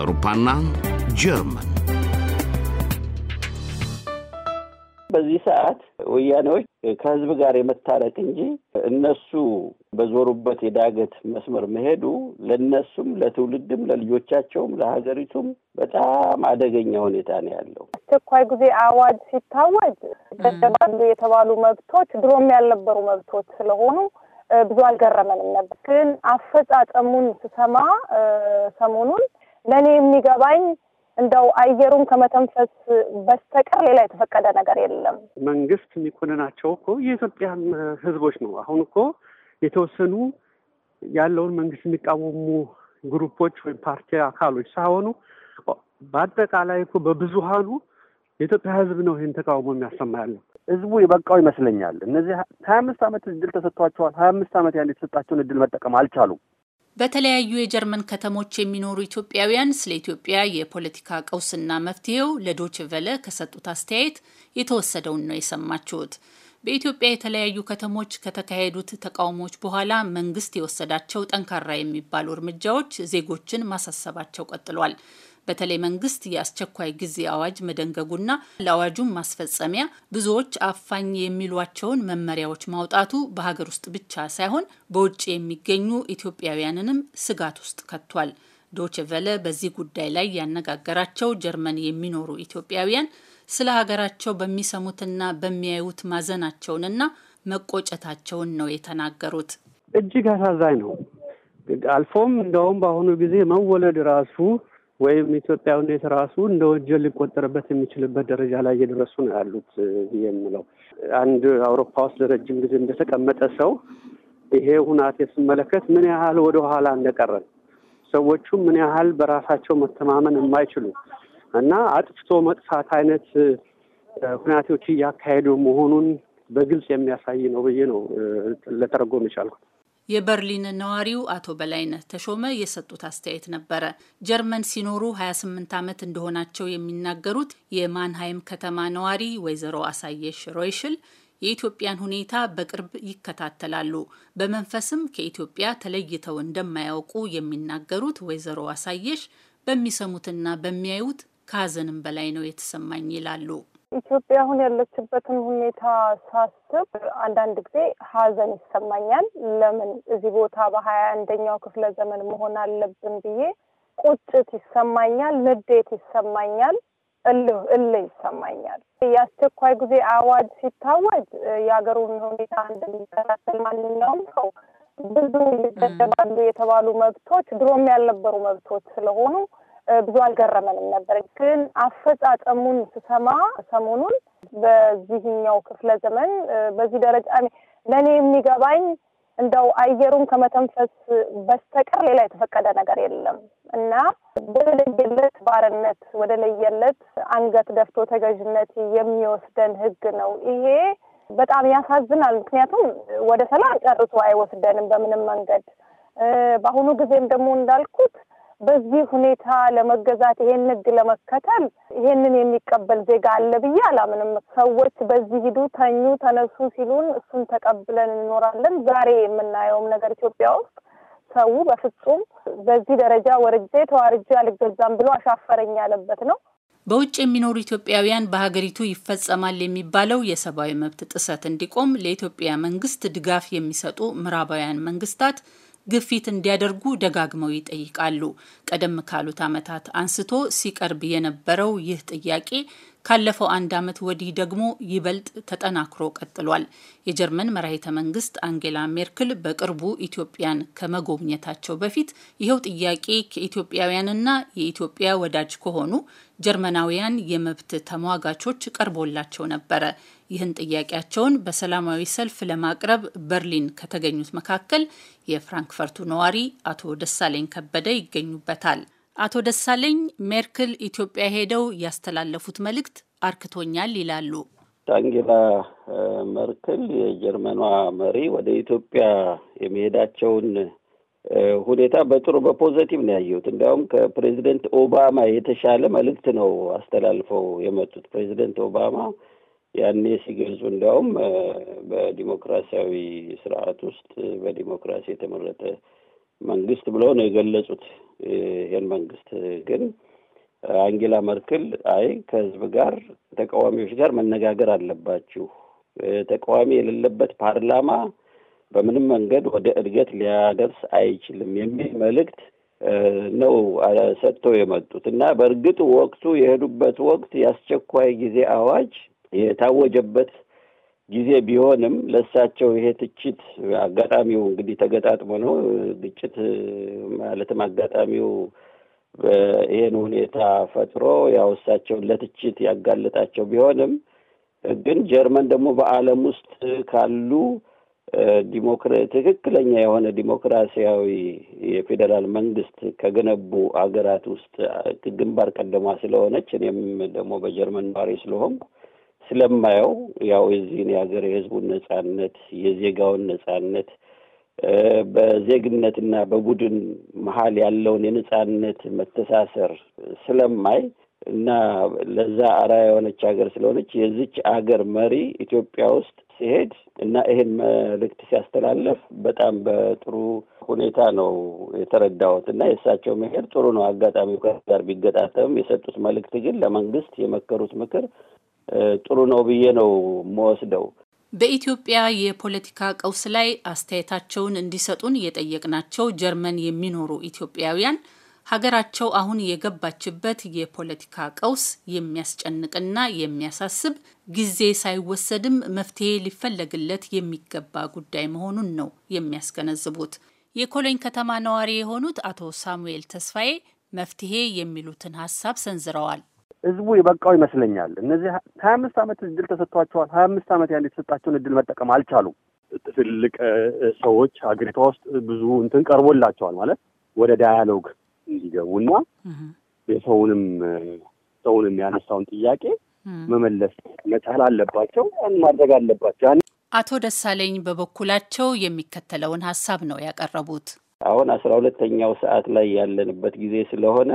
አውሮፓና ጀርመን በዚህ ሰዓት ወያኔዎች ከህዝብ ጋር የመታረቅ እንጂ እነሱ በዞሩበት የዳገት መስመር መሄዱ ለነሱም ለትውልድም ለልጆቻቸውም ለሀገሪቱም በጣም አደገኛ ሁኔታ ነው ያለው። አስቸኳይ ጊዜ አዋጅ ሲታወጅ ይገደባሉ የተባሉ መብቶች ድሮም ያልነበሩ መብቶች ስለሆኑ ብዙ አልገረመንም ነበር። ግን አፈጻጸሙን ስሰማ ሰሞኑን ለእኔ የሚገባኝ እንደው አየሩም ከመተንፈስ በስተቀር ሌላ የተፈቀደ ነገር የለም። መንግስት የሚኮንናቸው እኮ የኢትዮጵያን ህዝቦች ነው። አሁን እኮ የተወሰኑ ያለውን መንግስት የሚቃወሙ ግሩፖች ወይም ፓርቲ አካሎች ሳይሆኑ በአጠቃላይ እኮ በብዙሀኑ የኢትዮጵያ ህዝብ ነው ይህን ተቃውሞ የሚያሰማ ያለው። ህዝቡ የበቃው ይመስለኛል። እነዚህ ሀያ አምስት ዓመት እድል ተሰጥቷቸዋል። ሀያ አምስት ዓመት ያን የተሰጣቸውን እድል መጠቀም አልቻሉም። በተለያዩ የጀርመን ከተሞች የሚኖሩ ኢትዮጵያውያን ስለ ኢትዮጵያ የፖለቲካ ቀውስና መፍትሄው ለዶች ቨለ ከሰጡት አስተያየት የተወሰደውን ነው የሰማችሁት። በኢትዮጵያ የተለያዩ ከተሞች ከተካሄዱት ተቃውሞዎች በኋላ መንግስት የወሰዳቸው ጠንካራ የሚባሉ እርምጃዎች ዜጎችን ማሳሰባቸው ቀጥሏል። በተለይ መንግስት የአስቸኳይ ጊዜ አዋጅ መደንገጉና ለአዋጁም ማስፈጸሚያ ብዙዎች አፋኝ የሚሏቸውን መመሪያዎች ማውጣቱ በሀገር ውስጥ ብቻ ሳይሆን በውጭ የሚገኙ ኢትዮጵያውያንንም ስጋት ውስጥ ከቷል። ዶችቨለ ቨለ በዚህ ጉዳይ ላይ ያነጋገራቸው ጀርመን የሚኖሩ ኢትዮጵያውያን ስለ ሀገራቸው በሚሰሙትና በሚያዩት ማዘናቸውንና መቆጨታቸውን ነው የተናገሩት። እጅግ አሳዛኝ ነው። አልፎም እንደውም በአሁኑ ጊዜ መወለድ ራሱ ወይም ኢትዮጵያዊነት ራሱ እንደ ወንጀል ሊቆጠርበት የሚችልበት ደረጃ ላይ እየደረሱ ነው ያሉት የምለው አንድ አውሮፓ ውስጥ ለረጅም ጊዜ እንደተቀመጠ ሰው ይሄ ሁናቴ ስመለከት ምን ያህል ወደ ኋላ እንደቀረን ሰዎቹም ምን ያህል በራሳቸው መተማመን የማይችሉ እና አጥፍቶ መጥፋት አይነት ሁናቴዎች እያካሄዱ መሆኑን በግልጽ የሚያሳይ ነው ብዬ ነው ለተረጎም የቻልኩት። የበርሊን ነዋሪው አቶ በላይነህ ተሾመ የሰጡት አስተያየት ነበረ። ጀርመን ሲኖሩ 28 ዓመት እንደሆናቸው የሚናገሩት የማንሃይም ከተማ ነዋሪ ወይዘሮ አሳየሽ ሮይሽል የኢትዮጵያን ሁኔታ በቅርብ ይከታተላሉ። በመንፈስም ከኢትዮጵያ ተለይተው እንደማያውቁ የሚናገሩት ወይዘሮ አሳየሽ በሚሰሙትና በሚያዩት ከሀዘንም በላይ ነው የተሰማኝ ይላሉ። ኢትዮጵያ አሁን ያለችበትን ሁኔታ ሳስብ አንዳንድ ጊዜ ሀዘን ይሰማኛል። ለምን እዚህ ቦታ በሀያ አንደኛው ክፍለ ዘመን መሆን አለብን ብዬ ቁጭት ይሰማኛል፣ ንዴት ይሰማኛል፣ እልህ እልህ ይሰማኛል። የአስቸኳይ ጊዜ አዋጅ ሲታወጅ የሀገሩን ሁኔታ እንደሚከታተል ማንኛውም ሰው ብዙ ይገደባሉ የተባሉ መብቶች ድሮም ያልነበሩ መብቶች ስለሆኑ ብዙ አልገረመንም ነበር። ግን አፈጻጸሙን ስሰማ ሰሞኑን በዚህኛው ክፍለ ዘመን በዚህ ደረጃ ለእኔ የሚገባኝ እንደው አየሩን ከመተንፈስ በስተቀር ሌላ የተፈቀደ ነገር የለም እና ወደ ለየለት ባርነት፣ ወደ ለየለት አንገት ደፍቶ ተገዥነት የሚወስደን ህግ ነው ይሄ። በጣም ያሳዝናል። ምክንያቱም ወደ ሰላም ጨርሶ አይወስደንም በምንም መንገድ። በአሁኑ ጊዜም ደግሞ እንዳልኩት በዚህ ሁኔታ ለመገዛት ይሄን ህግ ለመከተል ይሄንን የሚቀበል ዜጋ አለ ብዬ አላምንም። ሰዎች በዚህ ሂዱ፣ ተኙ፣ ተነሱ ሲሉን እሱን ተቀብለን እንኖራለን። ዛሬ የምናየውም ነገር ኢትዮጵያ ውስጥ ሰው በፍጹም በዚህ ደረጃ ወርጄ ተዋርጄ አልገዛም ብሎ አሻፈረኝ ያለበት ነው። በውጭ የሚኖሩ ኢትዮጵያውያን በሀገሪቱ ይፈጸማል የሚባለው የሰብአዊ መብት ጥሰት እንዲቆም ለኢትዮጵያ መንግስት ድጋፍ የሚሰጡ ምዕራባውያን መንግስታት ግፊት እንዲያደርጉ ደጋግመው ይጠይቃሉ። ቀደም ካሉት ዓመታት አንስቶ ሲቀርብ የነበረው ይህ ጥያቄ ካለፈው አንድ ዓመት ወዲህ ደግሞ ይበልጥ ተጠናክሮ ቀጥሏል። የጀርመን መራሄተ መንግስት አንጌላ ሜርክል በቅርቡ ኢትዮጵያን ከመጎብኘታቸው በፊት ይኸው ጥያቄ ከኢትዮጵያውያንና የኢትዮጵያ ወዳጅ ከሆኑ ጀርመናውያን የመብት ተሟጋቾች ቀርቦላቸው ነበረ። ይህን ጥያቄያቸውን በሰላማዊ ሰልፍ ለማቅረብ በርሊን ከተገኙት መካከል የፍራንክፈርቱ ነዋሪ አቶ ደሳለኝ ከበደ ይገኙበታል። አቶ ደሳለኝ ሜርክል ኢትዮጵያ ሄደው ያስተላለፉት መልእክት አርክቶኛል ይላሉ። አንጌላ መርክል የጀርመኗ መሪ ወደ ኢትዮጵያ የመሄዳቸውን ሁኔታ በጥሩ በፖዘቲቭ ነው ያየሁት። እንዲያውም ከፕሬዚደንት ኦባማ የተሻለ መልእክት ነው አስተላልፈው የመጡት። ፕሬዚደንት ኦባማ ያኔ ሲገልጹ እንዲያውም በዲሞክራሲያዊ ስርዓት ውስጥ በዲሞክራሲ የተመረጠ መንግስት ብሎ ነው የገለጹት። ይህን መንግስት ግን አንጌላ መርክል አይ ከህዝብ ጋር ተቃዋሚዎች ጋር መነጋገር አለባችሁ፣ ተቃዋሚ የሌለበት ፓርላማ በምንም መንገድ ወደ እድገት ሊያደርስ አይችልም የሚል መልእክት ነው ሰጥተው የመጡት እና በእርግጥ ወቅቱ የሄዱበት ወቅት የአስቸኳይ ጊዜ አዋጅ የታወጀበት ጊዜ ቢሆንም ለእሳቸው ይሄ ትችት አጋጣሚው እንግዲህ ተገጣጥሞ ነው ግጭት ማለትም አጋጣሚው ይህን ሁኔታ ፈጥሮ ያው እሳቸውን ለትችት ያጋለጣቸው ቢሆንም ግን ጀርመን ደግሞ በዓለም ውስጥ ካሉ ትክክለኛ የሆነ ዲሞክራሲያዊ የፌዴራል መንግስት ከገነቡ አገራት ውስጥ ግንባር ቀደሟ ስለሆነች እኔም ደግሞ በጀርመን ነዋሪ ስለሆንኩ ስለማየው ያው የዚህን የሀገር የህዝቡን ነጻነት የዜጋውን ነጻነት በዜግነትና በቡድን መሀል ያለውን የነጻነት መተሳሰር ስለማይ እና ለዛ አራ የሆነች ሀገር ስለሆነች የዚች አገር መሪ ኢትዮጵያ ውስጥ ሲሄድ እና ይሄን መልእክት ሲያስተላለፍ በጣም በጥሩ ሁኔታ ነው የተረዳሁት። እና የእሳቸው መሄድ ጥሩ ነው፣ አጋጣሚው ጋር ቢገጣጠምም የሰጡት መልእክት ግን ለመንግስት የመከሩት ምክር ጥሩ ነው ብዬ ነው መወስደው። በኢትዮጵያ የፖለቲካ ቀውስ ላይ አስተያየታቸውን እንዲሰጡን የጠየቅናቸው ጀርመን የሚኖሩ ኢትዮጵያውያን ሀገራቸው አሁን የገባችበት የፖለቲካ ቀውስ የሚያስጨንቅና የሚያሳስብ ጊዜ ሳይወሰድም መፍትሄ ሊፈለግለት የሚገባ ጉዳይ መሆኑን ነው የሚያስገነዝቡት። የኮሎኝ ከተማ ነዋሪ የሆኑት አቶ ሳሙኤል ተስፋዬ መፍትሄ የሚሉትን ሀሳብ ሰንዝረዋል። ህዝቡ የበቃው ይመስለኛል። እነዚህ ሀያ አምስት ዓመት እድል ተሰጥቷቸዋል። ሀያ አምስት ዓመት ያን የተሰጣቸውን እድል መጠቀም አልቻሉም። ትልልቅ ሰዎች ሀገሪቷ ውስጥ ብዙ እንትን ቀርቦላቸዋል ማለት ወደ ዳያሎግ እንዲገቡና የሰውንም ሰውን የሚያነሳውን ጥያቄ መመለስ መቻል አለባቸው። ያን ማድረግ አለባቸው። አቶ ደሳለኝ በበኩላቸው የሚከተለውን ሀሳብ ነው ያቀረቡት። አሁን አስራ ሁለተኛው ሰዓት ላይ ያለንበት ጊዜ ስለሆነ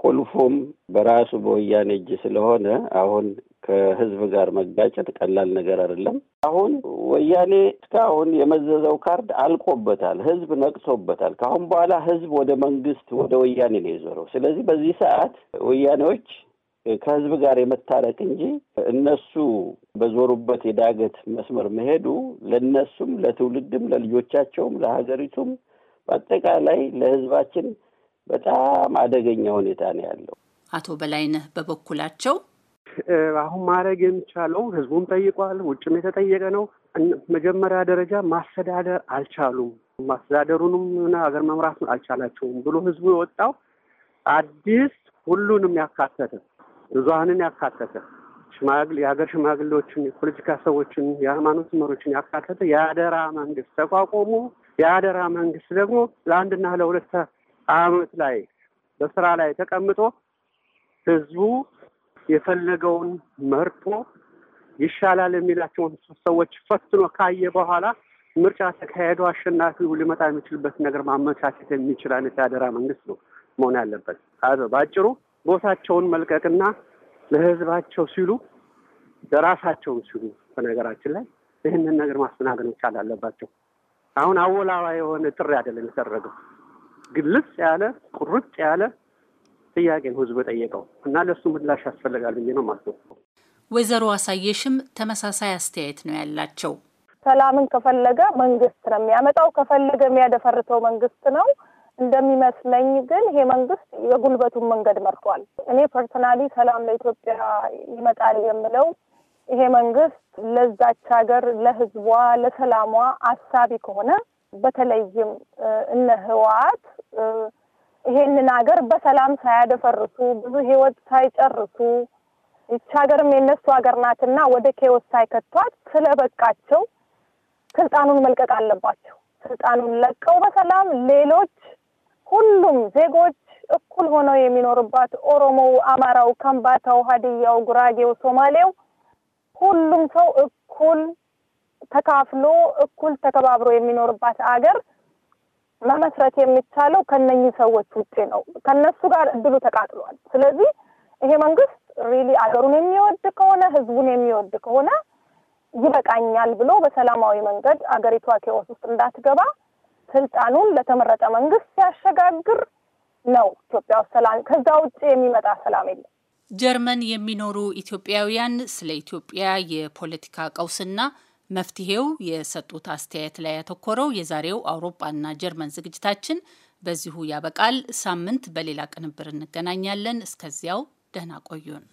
ቁልፉም በራሱ በወያኔ እጅ ስለሆነ አሁን ከህዝብ ጋር መጋጨት ቀላል ነገር አይደለም። አሁን ወያኔ እስካሁን የመዘዘው ካርድ አልቆበታል። ህዝብ ነቅቶበታል። ከአሁን በኋላ ህዝብ ወደ መንግስት ወደ ወያኔ ነው የዞረው። ስለዚህ በዚህ ሰዓት ወያኔዎች ከህዝብ ጋር የመታረቅ እንጂ እነሱ በዞሩበት የዳገት መስመር መሄዱ ለነሱም፣ ለትውልድም፣ ለልጆቻቸውም፣ ለሀገሪቱም በአጠቃላይ ለህዝባችን በጣም አደገኛ ሁኔታ ነው ያለው። አቶ በላይነህ በበኩላቸው አሁን ማድረግ የሚቻለው ህዝቡም ጠይቋል፣ ውጭም የተጠየቀ ነው። መጀመሪያ ደረጃ ማስተዳደር አልቻሉም፣ ማስተዳደሩንም ሆነ ሀገር መምራቱን አልቻላቸውም ብሎ ህዝቡ የወጣው አዲስ ሁሉንም ያካተተ ብዙሀንን ያካተተ ሽማግሌ የሀገር ሽማግሌዎችን፣ የፖለቲካ ሰዎችን፣ የሃይማኖት መሪዎችን ያካተተ የአደራ መንግስት ተቋቁሞ የአደራ መንግስት ደግሞ ለአንድና ለሁለት አመት ላይ በስራ ላይ ተቀምጦ ህዝቡ የፈለገውን መርጦ ይሻላል የሚላቸውን ሰዎች ፈትኖ ካየ በኋላ ምርጫ ተካሄዶ አሸናፊው ሊመጣ የሚችልበት ነገር ማመቻቸት የሚችል አይነት የአደራ መንግስት ነው መሆን ያለበት። በአጭሩ ቦታቸውን መልቀቅና ለህዝባቸው ሲሉ ለራሳቸውን ሲሉ በነገራችን ላይ ይህንን ነገር ማስተናገድ መቻል አለባቸው። አሁን አወላዋ የሆነ ጥሪ አይደለም የተደረገው። ግልጽ ያለ ቁርጥ ያለ ጥያቄ ነው ህዝቡ የጠየቀው እና ለእሱ ምላሽ ያስፈልጋል ብዬ ነው ማለት ነው። ወይዘሮ አሳየሽም ተመሳሳይ አስተያየት ነው ያላቸው። ሰላምን ከፈለገ መንግስት ነው የሚያመጣው፣ ከፈለገ የሚያደፈርተው መንግስት ነው። እንደሚመስለኝ ግን ይሄ መንግስት የጉልበቱን መንገድ መርጧል። እኔ ፐርሰናሊ ሰላም ለኢትዮጵያ ይመጣል የምለው ይሄ መንግስት ለዛች ሀገር ለህዝቧ፣ ለሰላሟ አሳቢ ከሆነ በተለይም እነ ህወሓት ይሄንን ሀገር በሰላም ሳያደፈርሱ ብዙ ህይወት ሳይጨርሱ ይቺ ሀገርም የእነሱ ሀገር ናትና ወደ ኬዎስ ሳይከቷት ስለበቃቸው ስልጣኑን መልቀቅ አለባቸው። ስልጣኑን ለቀው በሰላም ሌሎች ሁሉም ዜጎች እኩል ሆነው የሚኖርባት ኦሮሞው፣ አማራው፣ ከምባታው፣ ሀዲያው፣ ጉራጌው፣ ሶማሌው ሁሉም ሰው እኩል ተካፍሎ እኩል ተከባብሮ የሚኖርባት አገር መመስረት የሚቻለው ከነኚህ ሰዎች ውጭ ነው። ከነሱ ጋር እድሉ ተቃጥሏል። ስለዚህ ይሄ መንግስት ሪሊ አገሩን የሚወድ ከሆነ ህዝቡን የሚወድ ከሆነ ይበቃኛል ብሎ በሰላማዊ መንገድ አገሪቷ ኬዎስ ውስጥ እንዳትገባ ስልጣኑን ለተመረጠ መንግስት ሲያሸጋግር ነው ኢትዮጵያ ውስጥ ሰላም። ከዛ ውጭ የሚመጣ ሰላም የለም። ጀርመን የሚኖሩ ኢትዮጵያውያን ስለ ኢትዮጵያ የፖለቲካ ቀውስና መፍትሄው የሰጡት አስተያየት ላይ ያተኮረው የዛሬው አውሮፓና ጀርመን ዝግጅታችን በዚሁ ያበቃል። ሳምንት በሌላ ቅንብር እንገናኛለን። እስከዚያው ደህና ቆዩን።